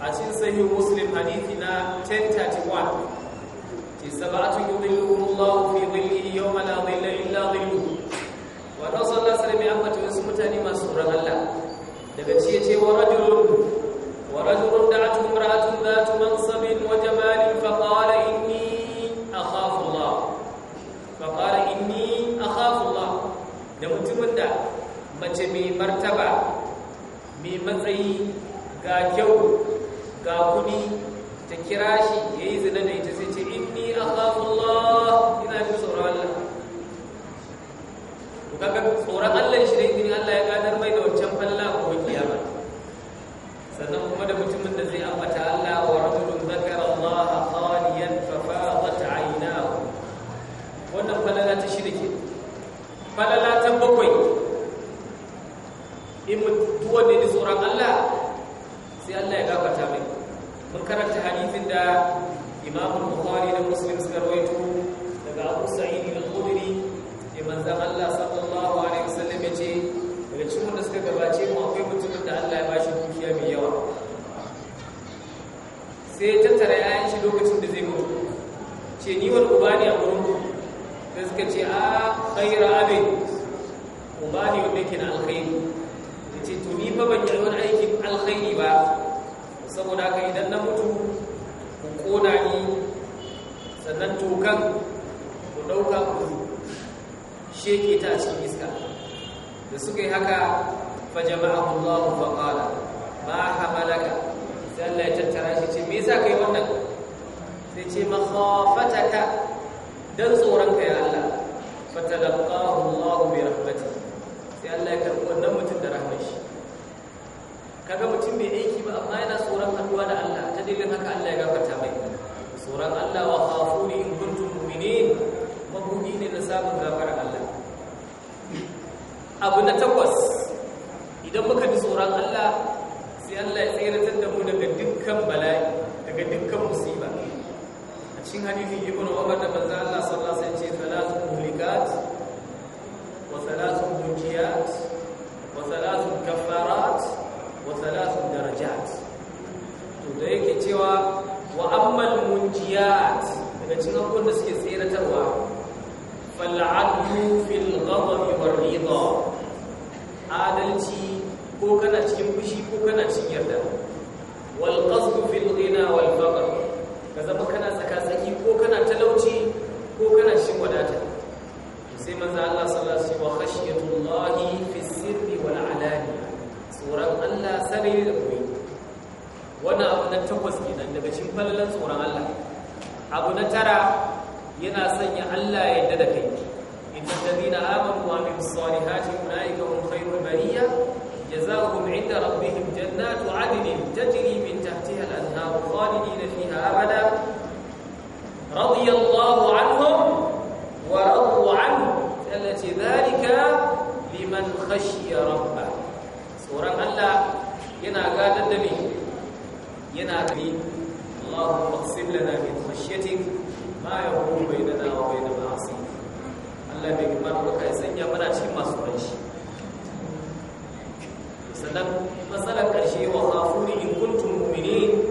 a cikin sahih muslim hadithi na 1031 ce sab'atun yudhilluhumullahu fi dhillihi yawma la dhilla illa dhilluhu wa dan sallallahu alaihi wasallam ya wasu mutane masu tsoron Allah daga ciye ce wa rajulun wa rajulun da'atu imra'atun dhatu mansabin wa jamalin fa qala inni akhafu Allah fa qala inni akhafu Allah da mutumin da mace mai martaba mai matsayi ga kyau ga kudi ta kira shi ya yi zina da ita sai ce inni a Allah ina jin tsoron Allah to kaga tsoron Allah shi ne Allah ya gada khayra abin ubani wanda yake na alkhairi yace to ni fa ban yi wani aikin alkhairi ba saboda haka idan na mutu ku kona ni sannan tokan ku dauka ku sheke ta cikin iska da suka yi haka fa fajama'ahu Allah fa qala ma hamalaka sai Allah ya tattara shi ce me yasa kai wannan sai ce makhafataka dan tsoron ka ya fatalaqahu Allah bi rahmatihi sai Allah ya karbi wannan mutum da rahmar shi kaga mutum bai aiki ba amma yana tsoron haduwa da Allah ta dalilin haka Allah ya gafarta mai tsoron Allah wa khafuni in kuntum mu'minin mabugi ne na samun gafarar Allah abu na takwas idan muka ji tsoron Allah sai Allah ya tsiratar da mu daga dukkan bala'i daga dukkan musiba a cikin hadisi ibnu Umar da manzo Allah sallallahu alaihi wasallam واجبات وثلاث منجيات وثلاث كفارات وثلاث درجات تدريك تيوا وأما المنجيات لكن أقول نسك سيرة فالعدل في الغضب والرضا adalci ko kana cikin fushi ko kana cikin yarda wal qasdu fil ghina wal faqr ka zama kana tsaka tsaki ko kana talauci ko kana cikin wadata sai manzo Allah sallallahu alaihi wa khashiyatullahi fi sirri wal alaniya tsoron Allah sarri da koyi Wani abu na takwas kenan daga cikin falalan tsoron Allah abu na tara yana sanya Allah ya yadda da kai inna alladhina amanu wa amilus salihati ulaika hum khayrul bariyya jazaohum 'inda rabbihim jannatu 'adnin tajri min tahtiha al-anhar khalidina fiha abada رضي الله liman khashiya rabba tsoron Allah yana gadar da me yana bi Allahu aqsim lana min khashyatik ma yaqulu bainana wa bain Allah bai kuma sanya mana cikin masu ranshi sannan masalan karshe wa khafuni in kuntum mu'minin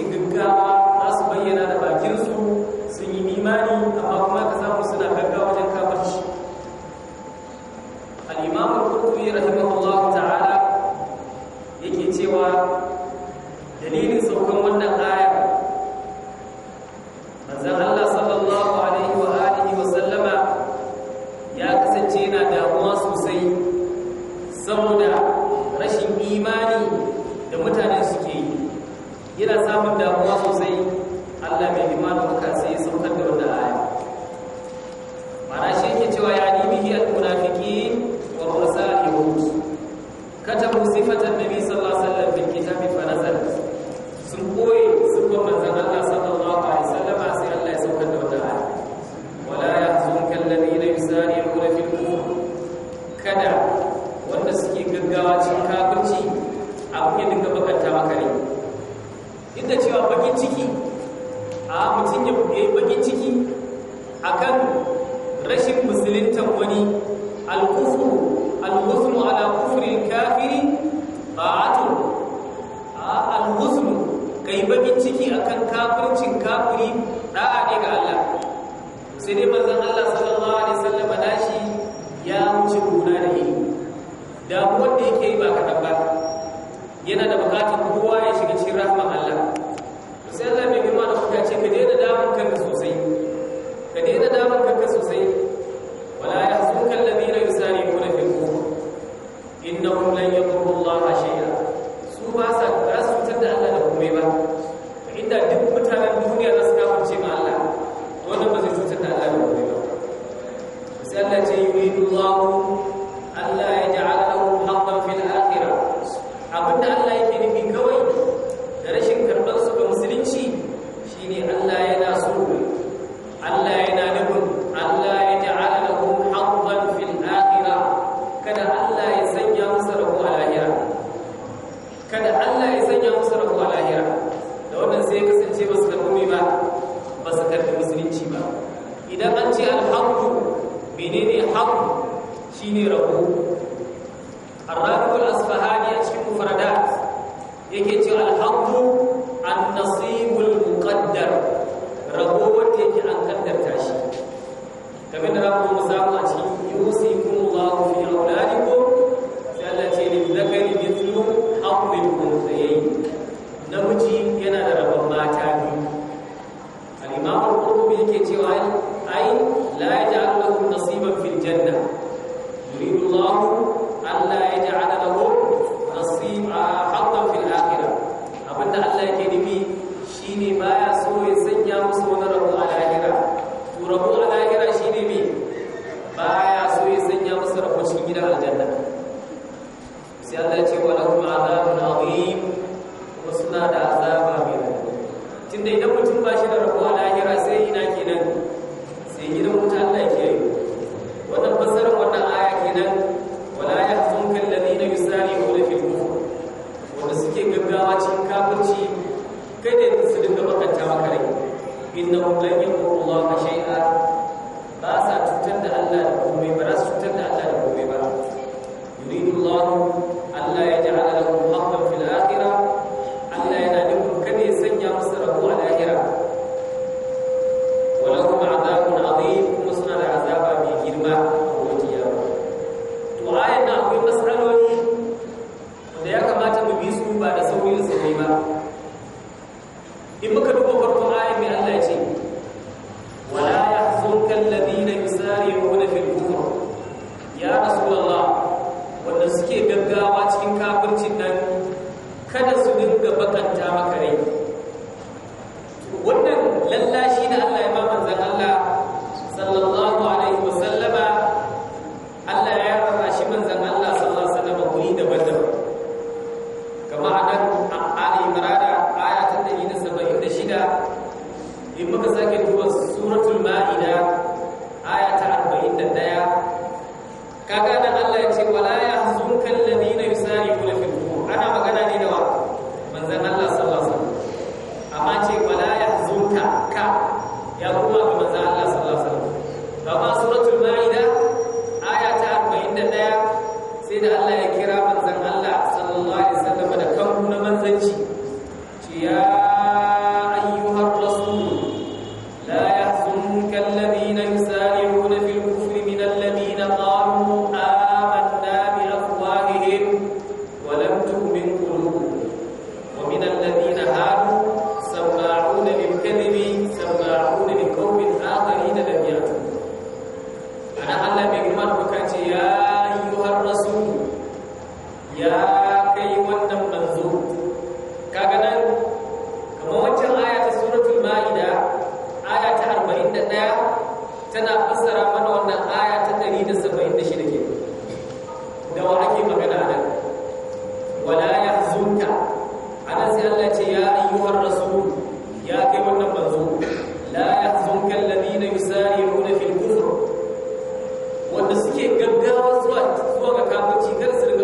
cikin gaggawa za su bayyana da bakinsu sun yi a amma sai Allah ce ya ayyuhar rasul ya kai wannan manzo la yahzunka alladhina yusari'una fil kufr wanda suke gaggawa zuwa zuwa ga kafirci kar su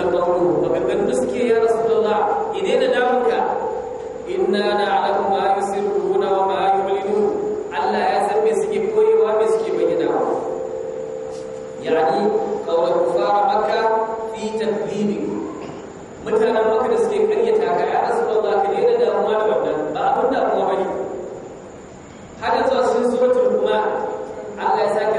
jalla qawluhu maganganun da suke ya rasulullah idaina damuka inna na'lamu ma yusirruna wa ma yu'linun Allah ya san me suke koyewa me suke bayyana yani qawlu kufar makka fi tadlibi mutanen makka da suke karyata ka ya rasulullah ka daina damuwa da wannan ba abin damuwa bane haka zuwa sun suratul kuma Allah ya sake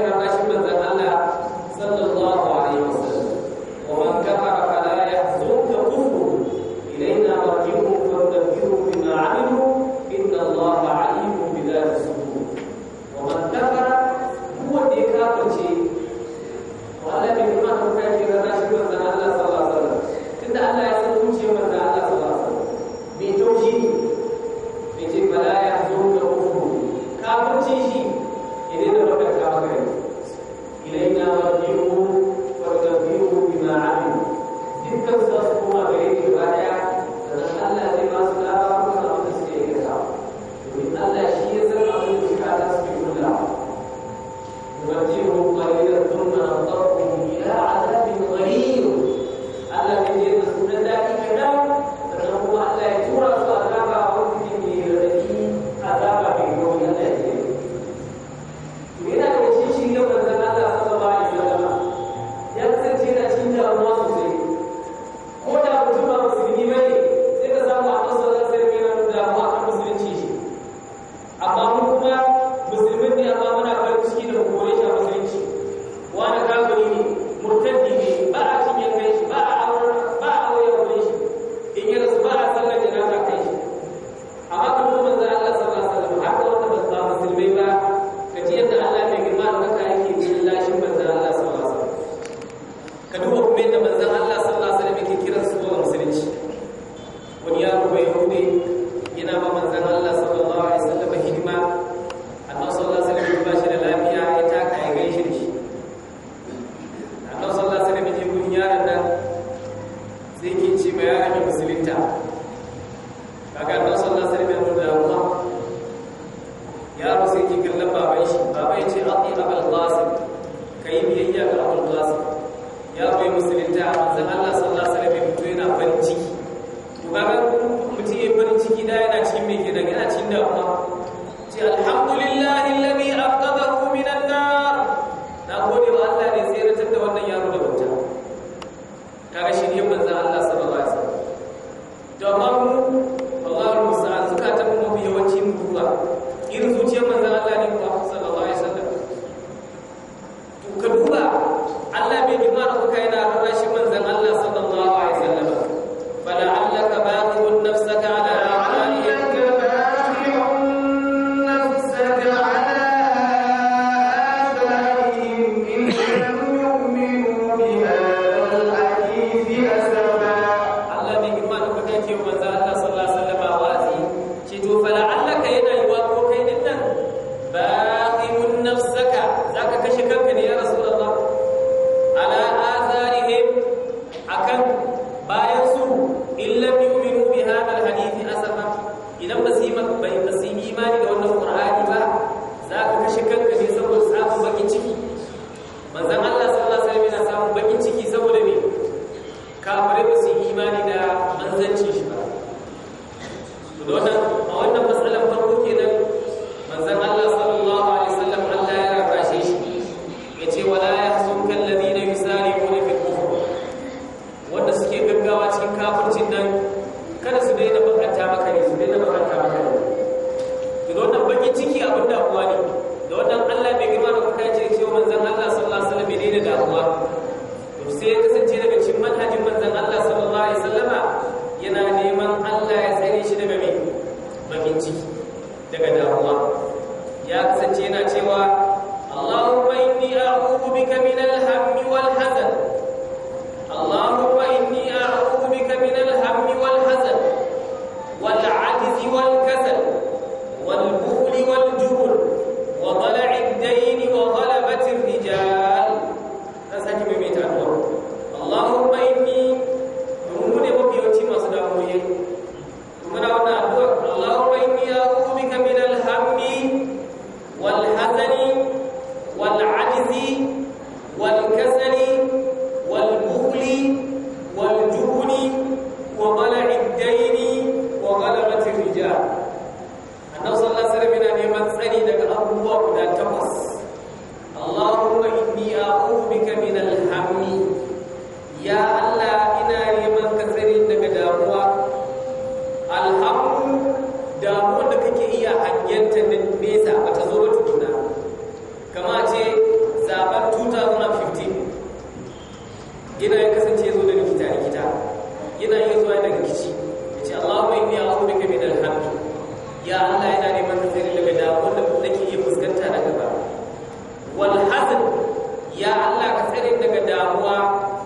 ya Allah ka tsare daga damuwa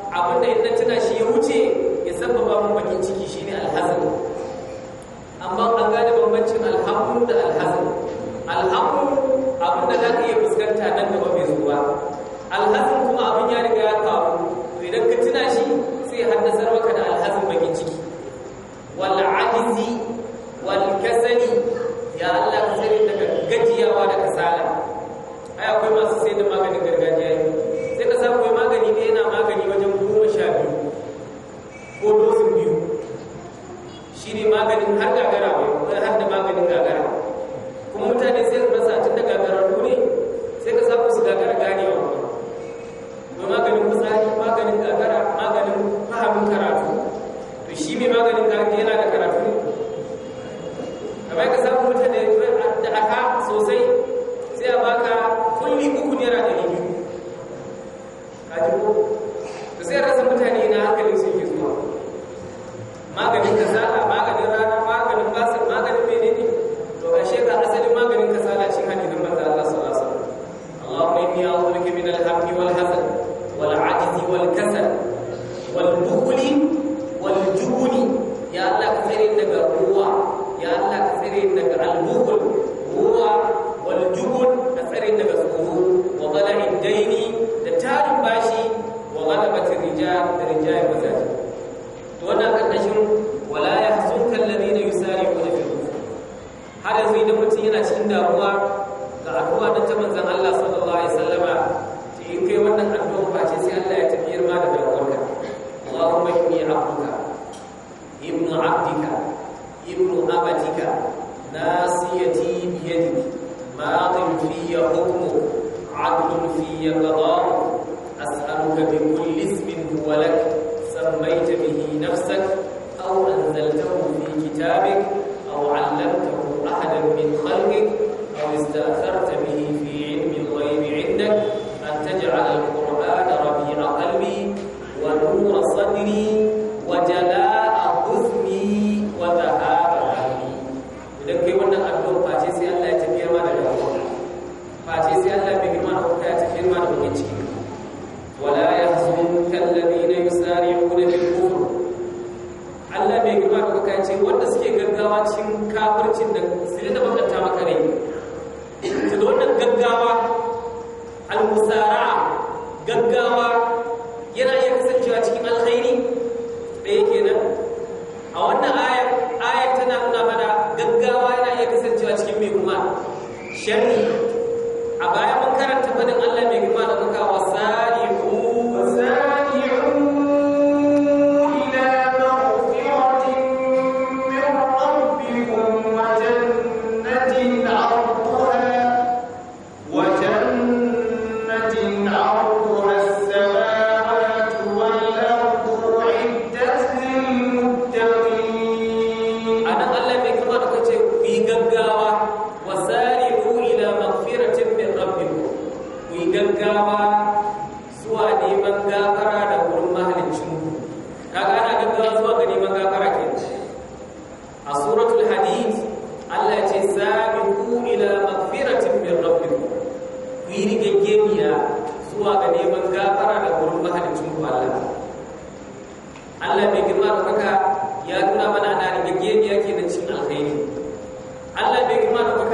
abin da idan tana shi ya wuce ya sababa mu bakin ciki shi ne alhazan amma an gane bambancin alhamdu da alhazan alhamdu abin da ka iya fuskanta nan gaba mai zuwa alhazan kuma abin ya riga ya kawo to idan ka tuna shi sai haddasar maka da alhazan bakin ciki wal ajizi wal kasali ya Allah أمتك ناسيتي بيدك ماض في حكمك عدل في قضاء أسألك بكل malamai Allah mai girma da baka ya nuna mana na rigage yake da cin alkhairi Allah mai girma da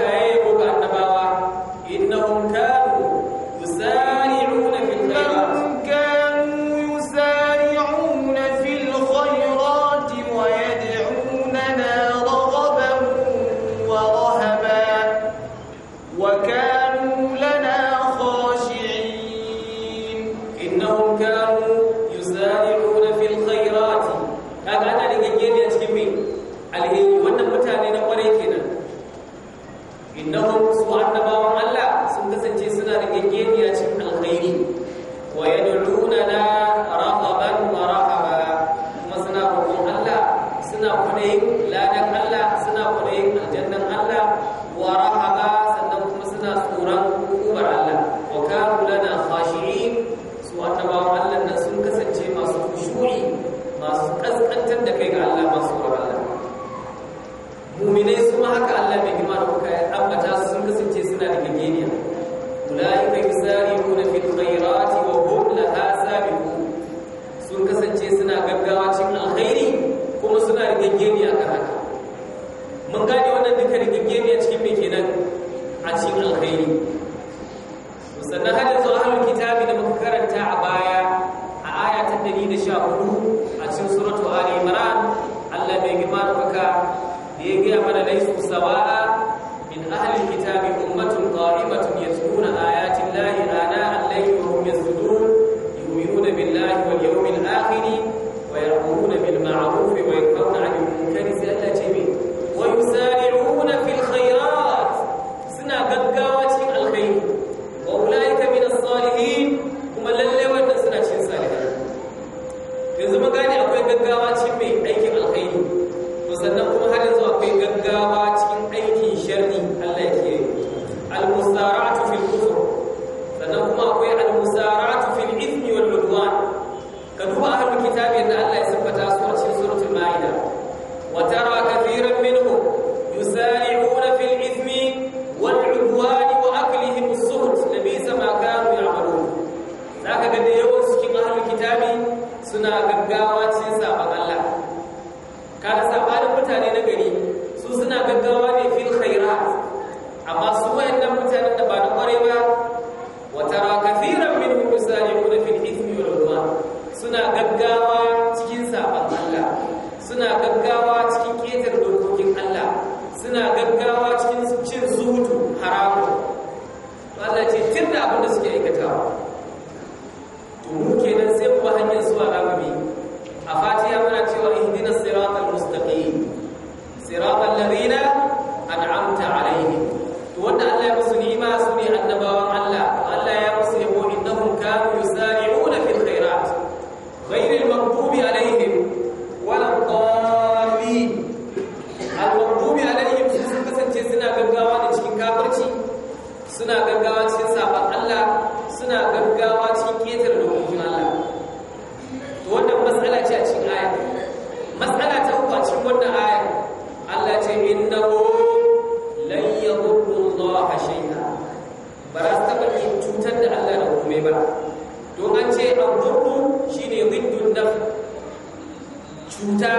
cuta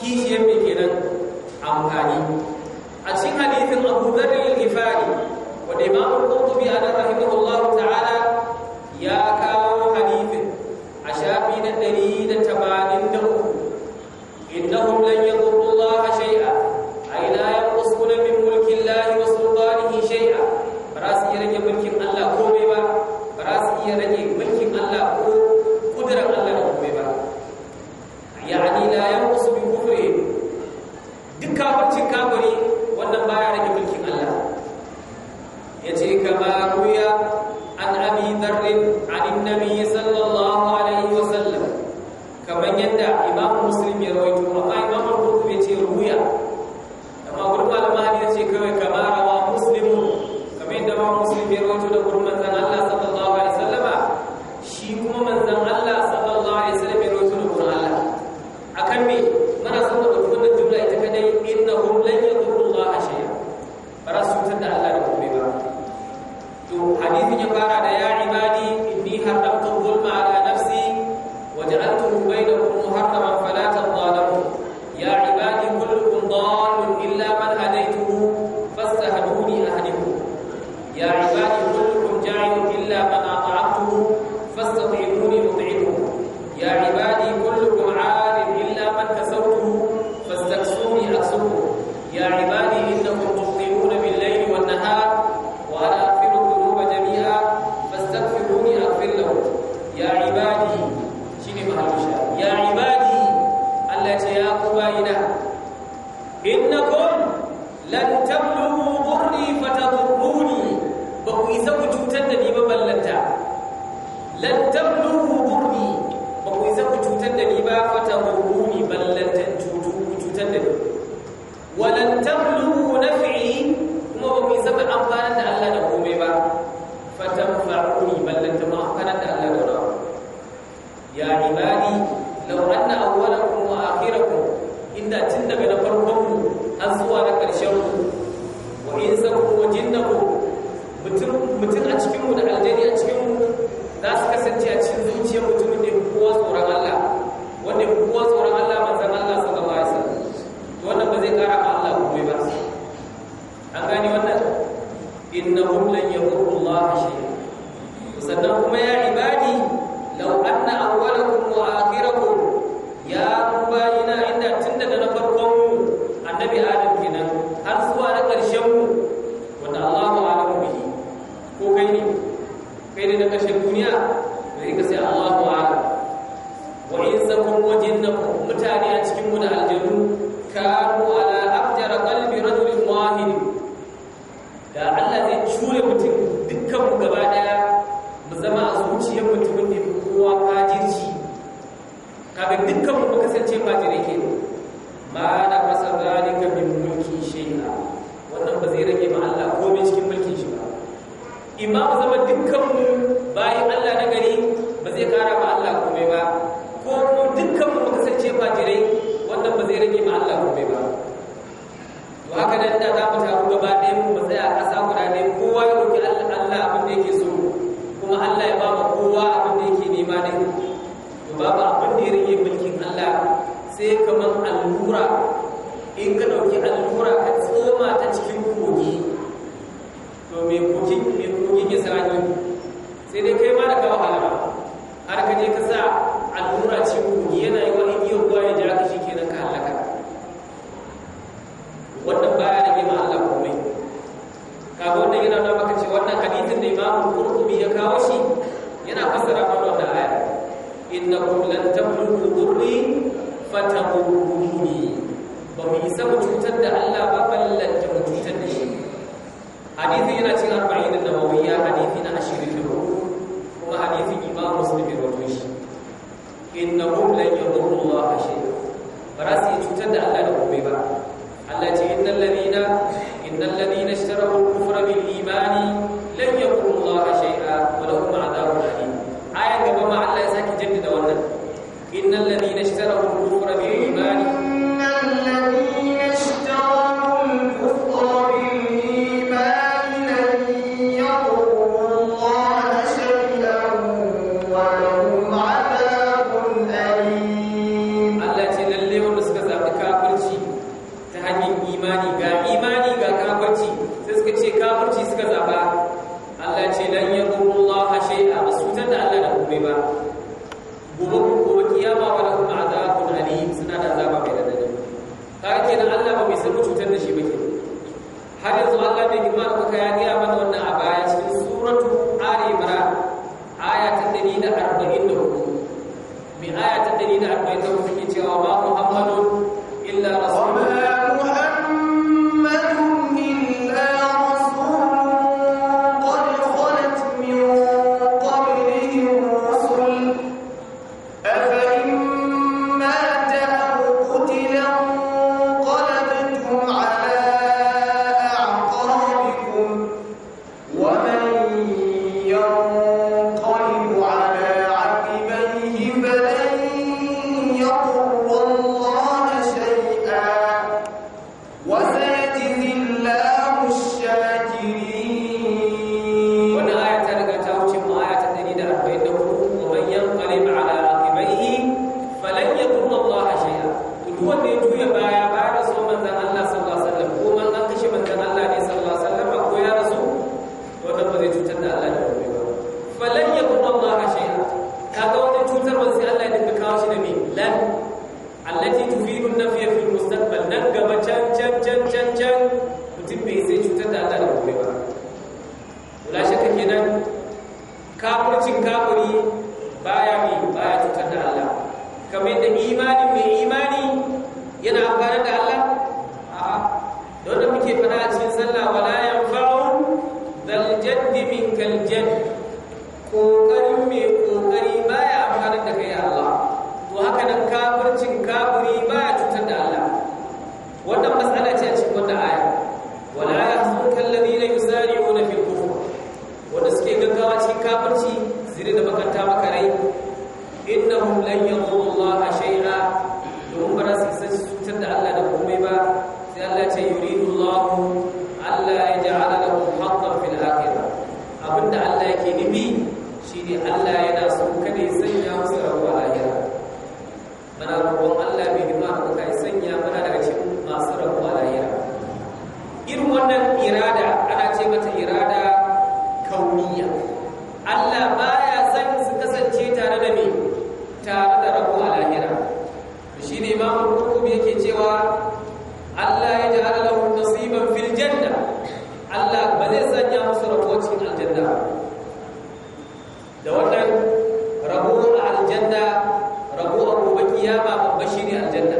kishiyar mai kenan amfani a cikin hadithin abu zarri gifari wadda imam al-qurtubi a nan rahimahullah ta'ala ya kawo hadithin a shafi na 183 innahum lan isa ku cutar da ni ba ballanta lan tabluhu durri ba ku isa ku cutar da ni ba fata durruni ballanta cutu cutar da ni walan tabluhu in ka ɗauki allura ka tsoma ta cikin kogi to mai kogin mai kogin ya sarani sai dai kai ma da ka wahala ba har ka je ka sa allura cikin kogi yana yi wani iya kuwa ya jira ka shi kenan ka halaka wannan baya da ma Allah komai kaga wannan yana nuna maka cewa wannan hadisin da imamu kurkubi ya kawo shi yana fassara mana wannan aya innakum lan tablughu dhurri fataquluni ba mu isa mu cutar da Allah ba ballanta mu cutar da shi hadithi yana cin arba'in da nawawiyya hadithi na ashirin da hudu kuma hadisin imam muslim ya rawaito shi innahum lan yadurru Allah shay'a ba za su yi cutar da Allah da komai ba Allah ce innal ladina innal ladina ishtarahu al-kufra bil imani lan yadurru Allah shay'a wa lahum adhabun alim ayan gaba ma Allah ya saki jaddada wannan innal ladina ishtarahu cewa Allah ya ja'ala lahum nasiban fil Allah ba zai sanya musu rabo cikin aljanna da wannan rabo aljanda, rabo a gobe kiyama babba shine aljanna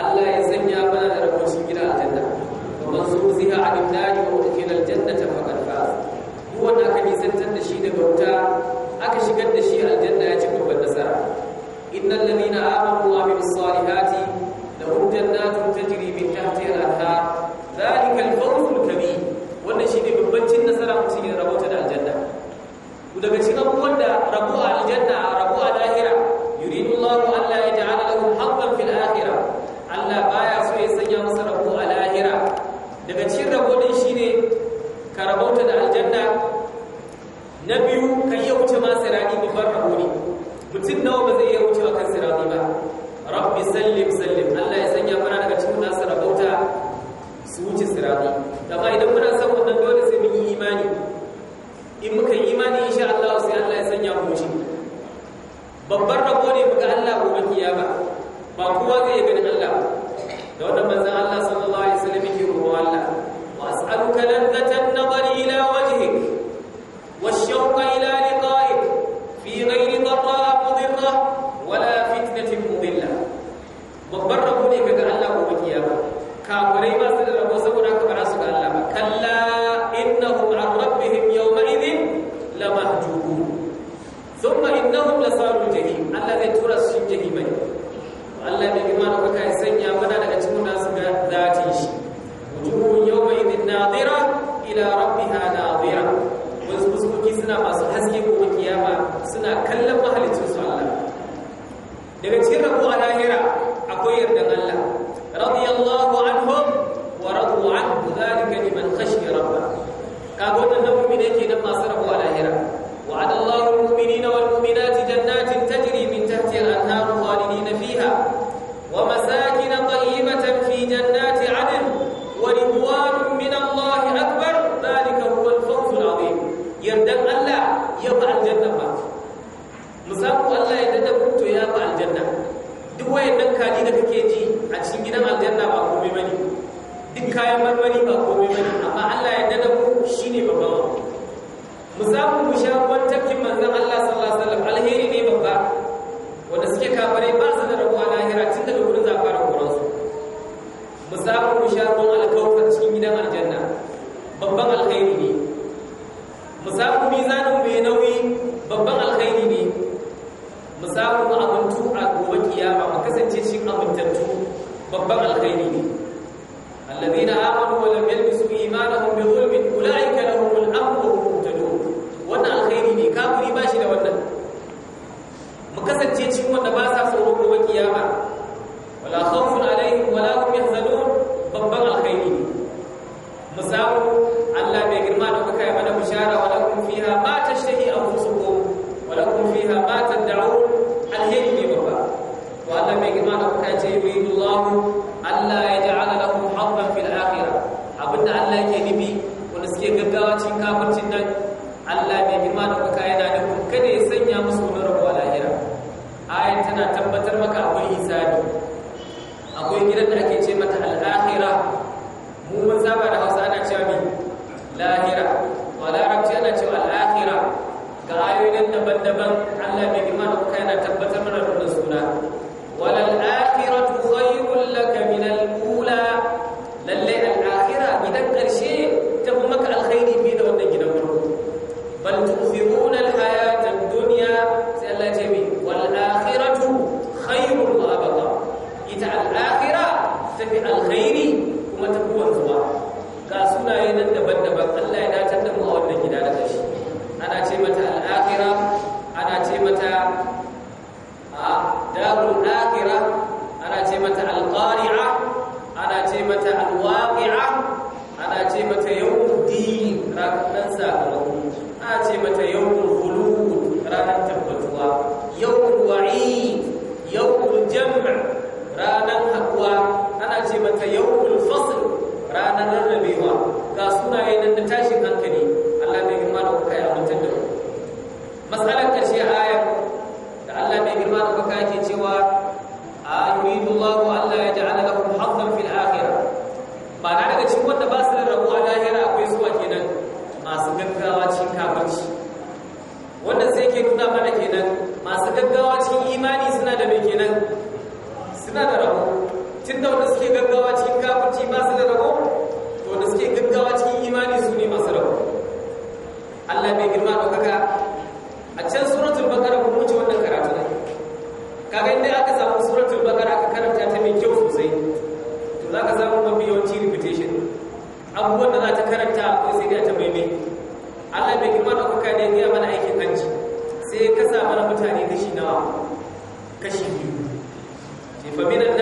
Allah ya ke gaggawa cikin kafircin nan girma da kuka ne ya mana aikin hanci sai ya kasa mana mutane kashi nawa kashi biyu ce minan